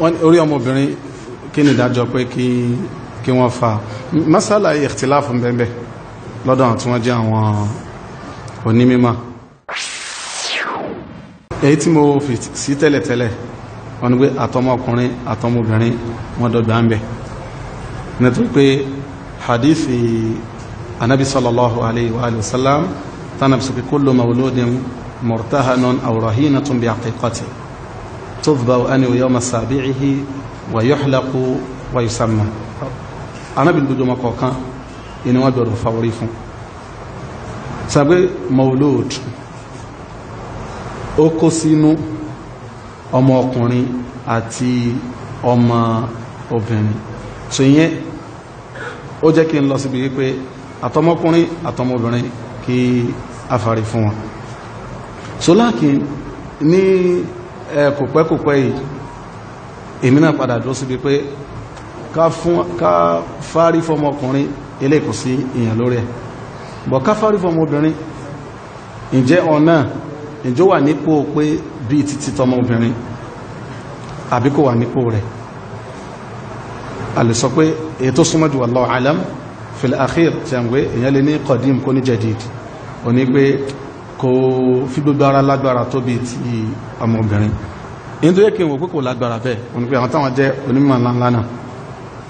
orí ọmọbìnrin kí ni ìdájọ́ pé kí wọ́n fa masala ìtìláfù bẹ́ẹ̀ lọ́dọ̀ tí wọ́n jẹ́ àwọn onímímọ̀ èyí tí mo fi sí tẹ́lẹ̀tẹ́lẹ̀ wọ́n ní pé àtọmọkùnrin àtọmọbìnrin wọ́n dọ́gba ń bẹ̀ nítorí pé hadithi anabi sallallahu alayhi wa sallam tánàbí sọ pé kullu mawludin murtahanun aw rahinatun bí aqiqati تضبع أني يوم سابعه ويحلق ويسمى أنا بالدودو مكوكا إن ودر فوريف سابق مولود ó kó sínú ọmọ ọkùnrin àti ọmọ obìnrin so yẹn ó jẹ́ kí n lọ síbi wípé àtọmọkùnrin àtọmọbìnrin kí a fari fún so láàkín ní ẹ kò pẹ́ kò pẹ́ yìí èmi náà padà dúró síbi pé ká fárí fọmọkùnrin ilé kò sí èèyàn lórí ẹ̀ bọ̀ ká fárí fọmọbìnrin ǹjẹ́ ọ̀nà ìjó wà nípò pé bí títí tọmọbìnrin àbí kò wà nípò rẹ̀ a lè sọ pé èyí tó súnmọ́ jù wallahu alam fil akhir tí a ń gbé èèyàn lè ní qadim kò fi gbogbo ara lágbára tó bí ti ọmọbìnrin èyí tó yẹ kí n wò pé kò lágbára bẹ́ẹ̀ òní pé àwọn táwọn jẹ́ onímọ̀ ńláńlá náà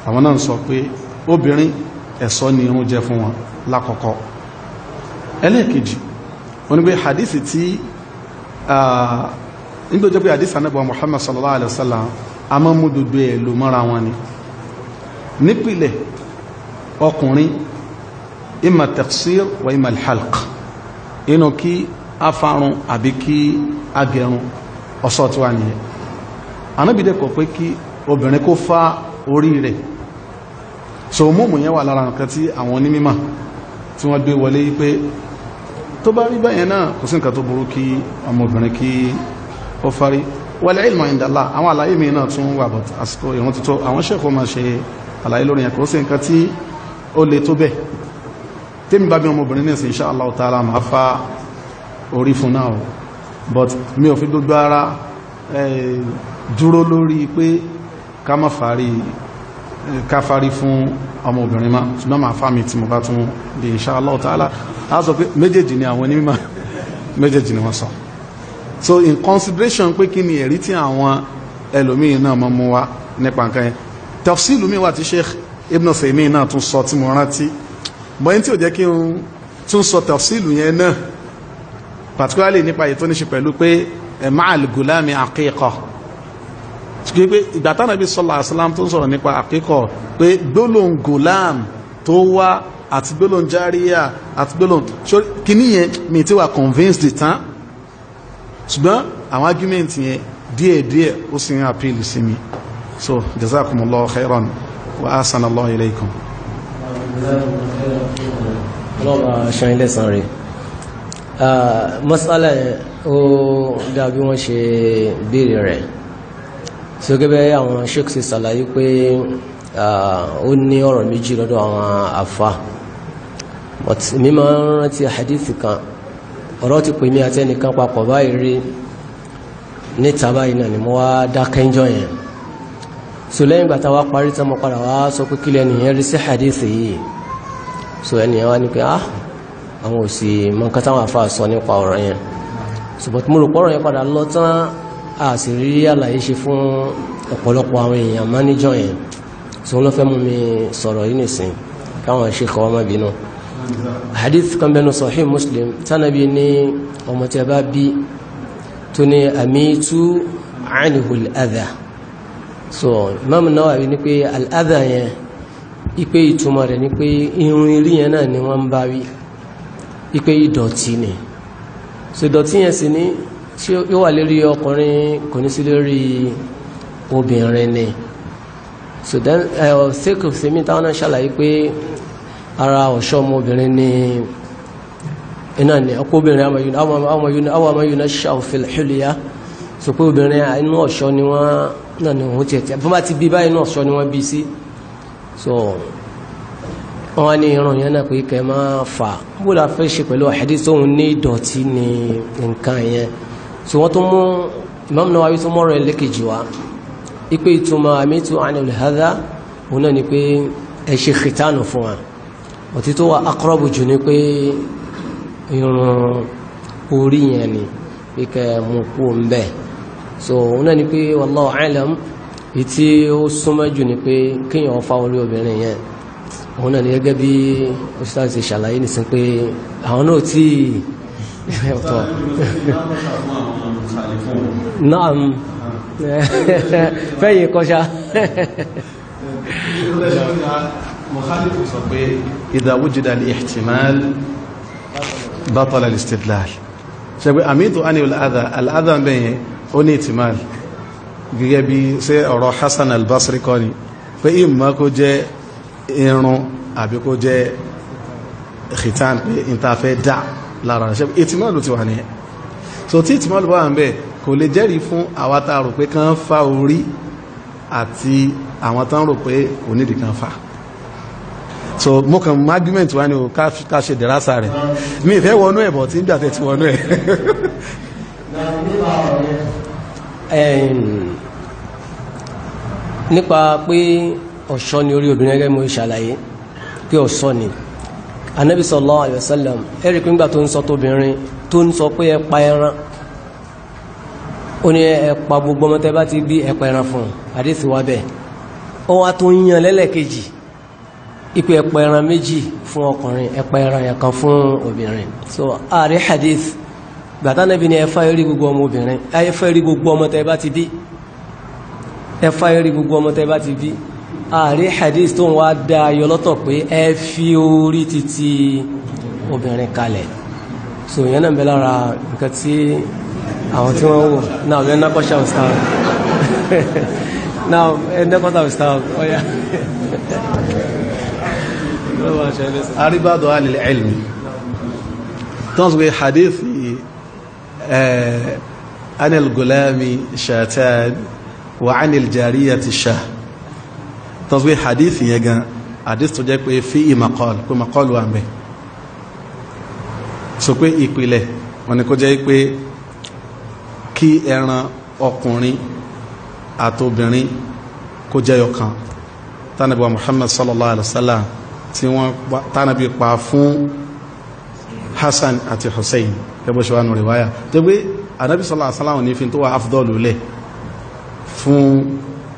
àwọn náà sọ pé obìnrin ẹ̀ṣọ́ ni irun jẹ́ fún wọn lákọ̀ọ́kọ́ ẹlẹ́ẹ̀kejì òní pé hadith tí nígbà jẹ́ pé hadith anábọ̀ Muhammad sallallahu alaihi wa imma inú kí afarun àbí kí agẹrun ọ̀sọ́ tí wà nìyẹn anábìdẹ̀ kọ̀ pé kí obìnrin kó fá orí rẹ̀ so mọ́mù yẹn wà lára nǹkan tí àwọn onímímà tí wọ́n gbé wọlé pé tó bá rí báyẹn náà kò sí nǹkan tó burú kí ọmọbìnrin kí ó fárí wal ilmu indallah àwọn àlàyé mi náà tún wà bọ̀t àsìkò ìrántítọ́ àwọn ṣẹ́kọ̀ọ́ máa ṣe àlàyé lórí yẹn kò sí nǹkan tí ó le tó bẹ́ẹ̀ tèmi bá bí ọmọbìnrin ní insha Allah ta'ala máa fa orí fún náà but mi ò fi gbogbo ara dúró lórí pé ká má fàárí ká fàárí fún ọmọbìnrin máa ṣùgbọ́n máa fà mí tí mo bá tún bí insha Allah ta'ala a sọ pé méjèèjì ni àwọn onímọ̀ méjèèjì ni wọ́n sọ so in consideration pé kí ni ẹ̀rí tí àwọn ẹlòmíín náà mọ́ mú wá nípa nǹkan yẹn tafsilu wà tí Sheikh Ibn Sèmí náà tún sọ tí mo rántí mọ́ tí ò jẹ́ kí n tún sọ tafsilu yẹn náà particularly nípa ètò níṣe pẹ̀lú pé ma'al gulami aqiqa ṣùgbọ́n pé ìgbà tí Ànábì sallallahu alaihi wasallam tó ń sọ̀rọ̀ nípa aqiqa pé gbólóhùn gulam tó wá àti gbólóhùn járíyà àti gbólóhùn kíní yẹn mi ti wà convinced tán ṣùgbọ́n àwọn argument yẹn díẹ̀díẹ̀ ó sì ń appeal sí mi so jazakumullahu khairan wa ahsanallahu ilaykum ọlọ́ọ̀bá aṣọ ilé san rẹ̀ masala ó dá bí wọ́n ṣe béèrè rẹ̀ tí ó gẹ́gẹ́ àwọn sheik ṣe ṣàlàyé pé ó ní ọ̀rọ̀ méjì lọ́dọ̀ àwọn afa mi rántí hadithi kan ọ̀rọ̀ ti pè mí àti ẹnìkan papọ̀ báyìí rí níta báyìí náà ni mo wá dákẹ́jọ́ yẹn so lẹ́yìn gbàtà wá parí tán mo padà wá sọ pé kílẹ̀ nìyẹn rí sí hadith yìí so ẹnìyẹn wá ní pé ah àwọn ò sì mọ nǹkan táwọn afa sọ nípa ọ̀rọ̀ yẹn ṣùgbọ́n mo rò pọ́rọ̀ yẹn padà lọ tán a sì rí àlàyé ṣe fún ọ̀pọ̀lọpọ̀ àwọn èèyàn máníjọ́ yẹn so wọ́n fẹ́ mú mi sọ̀rọ̀ yìí nìsín káwọn ṣe kọ́ ọmọ bínú hadith kan bẹnu sahih muslim tánàbí ní ọmọ tí a bá bí tó ní àmì tú adha so Imam Nawawi ní pé al-adha yẹn ipe ìtumọ̀ rẹ̀ ni pé irun irí yẹn náà ni wọ́n ń bá wí ipe ìdọ̀tí ni so ìdọ̀tí yẹn sì ní tí ó wà lérí ọkùnrin kò ní sí lérí obìnrin ni so then ẹ ọ sèkò sèmi táwọn náà ṣàlàyé pé ara ọ̀ṣọ́ ọmọbìnrin ni iná ni ọkọ obìnrin àwọn ọmọ yunifásitì àwọn ọmọ yunifásitì ṣàwọ̀fẹ̀lẹ̀ xìlìyà so pé obìnrin inú ọ̀ṣọ́ ni wọ́n náà ni òun tiẹ̀ tiẹ̀ bí wọ́n bá ti bí báyìí náà sọ ni wọ́n bí sí so wọ́n ní irun yẹn náà pé kẹ́ ẹ máa fà bó la fẹ́ ṣe pẹ̀lú àhẹ́dí tóun ní ìdọ̀tí ni nǹkan yẹn so wọ́n tó mú Imam Nawawi tó mọ́rọ̀ ẹ̀ lékejì wá ipe ìtumọ̀ àmìtú ànilhàdá òun náà ni pé ẹ ṣe kìtánù fún wa ọ̀tí tó wà jù ni pé irun orí yẹn ni pé kẹ́ ẹ mú kú ń bẹ́ẹ̀ so òun náà ni pé wallahu alam èyí tí ó súnmọ́ jù ni pé kéèyàn fa orí obìnrin yẹn òun náà ni gẹ́gẹ́ bí ustaz ṣe ṣàlàyé nìsín pé àwọn náà tí ọ̀tọ̀ náà fẹ́yìn kọjá مخالف صبي إذا وجد الاحتمال بطل الاستدلال سبب أميد أني الأذى الأذى به ó ní ìtìmáà gẹ́gẹ́ bí ṣe ọ̀rọ̀ Hassan al-Basri kọ́ ni pé ìmọ̀ kó jẹ́ irun àbí kó jẹ́ khitan pé ìtafẹ́ dá lára ṣe ìtìmáà ló ti wà ní ẹ̀ so tí ìtìmáà ló wà ń bẹ̀ kò lè jẹ́rìí fún àwọn tá rò pé kán fa orí àti àwọn tán rò pé kò so mo kan argument wa ni o ka ka mi fẹ́ wọnú ẹ̀ but nípa pé ọ̀ṣọ́ ni orí obìnrin gẹ́gẹ́ mo ṣàlàyé pé ọ̀ṣọ́ ni anabi sallallahu alayhi sallam ẹ̀rí pé nígbà tó ń sọ tóbìnrin tó ń sọ pé ẹ pa ẹran ó ní ẹ pa gbogbo ọmọ tẹ́ bá ti bí ẹ pa ẹran fún un àdéhùn wa bẹ́ẹ̀ ó wá tó ń yan lẹ́lẹ́kejì ipe ẹ pa ẹran méjì fún ọkùnrin ẹ ẹran yẹn kan fún obìnrin so ààrẹ hadith gbàtánẹ́bí ni ẹfà ẹrí gbogbo ọmọ obìnrin ẹfà ẹrí gbogbo ọmọ tẹ bá ti bí ẹfà ẹrí gbogbo ọmọ tẹ bá ti bí ààrí hadith tó ń wá dá ayọ lọ́tọ̀ pé ẹ fi orí títí obìnrin kalẹ̀ so yẹn náà ń bẹ lára nǹkan tí àwọn tí wọ́n wò náà ọ̀rẹ́ nákọ́ṣà òstáà náà ẹ̀ẹ́dẹ́kọ́ṣà òstáà ọ̀yá àríbádọ̀ alìlẹ̀ ẹ̀lì tó hadith عن الغلام شاتان وعن الجارية شاه تصوير حديث يجا حديث tó jẹ́ pé في مقال pé مقال wà ńbẹ̀ sọ pé ìpìlẹ̀ wọ́n ní kó jẹ́ pé kí ẹran ọkùnrin àtobìnrin kó jẹ́ ọ̀kan tánàbí wa Muhammad sallallahu alaihi wasallam tí wọ́n tánàbí pa fún Hassan àti Hussein gẹ́gbọ́ ṣe wá nù rìwáyà tó gbé anábì sọ́lá àsálàwọ̀n ní fi tó wà afdọ́lù lẹ̀ fún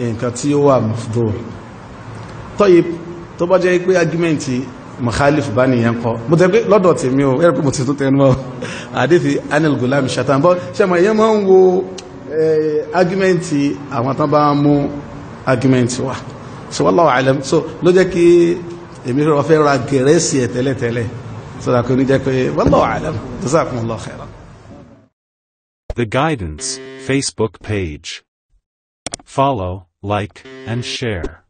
nǹkan tí ó wà mafdọ́lù tọ́yí tó bá jẹ́ pé agímẹ́ntì mọ̀kálífù bá nìyẹn kọ́ mo tẹ́ pé lọ́dọ̀ tèmi o ẹ̀rọ pé mo tó tẹnu mọ́ àdéfì wa so wallahu alam so ló jẹ́ kí èmi rọ fẹ́ ra gẹ̀rẹ́sì ẹ̀ The Guidance Facebook page. Follow, like, and share.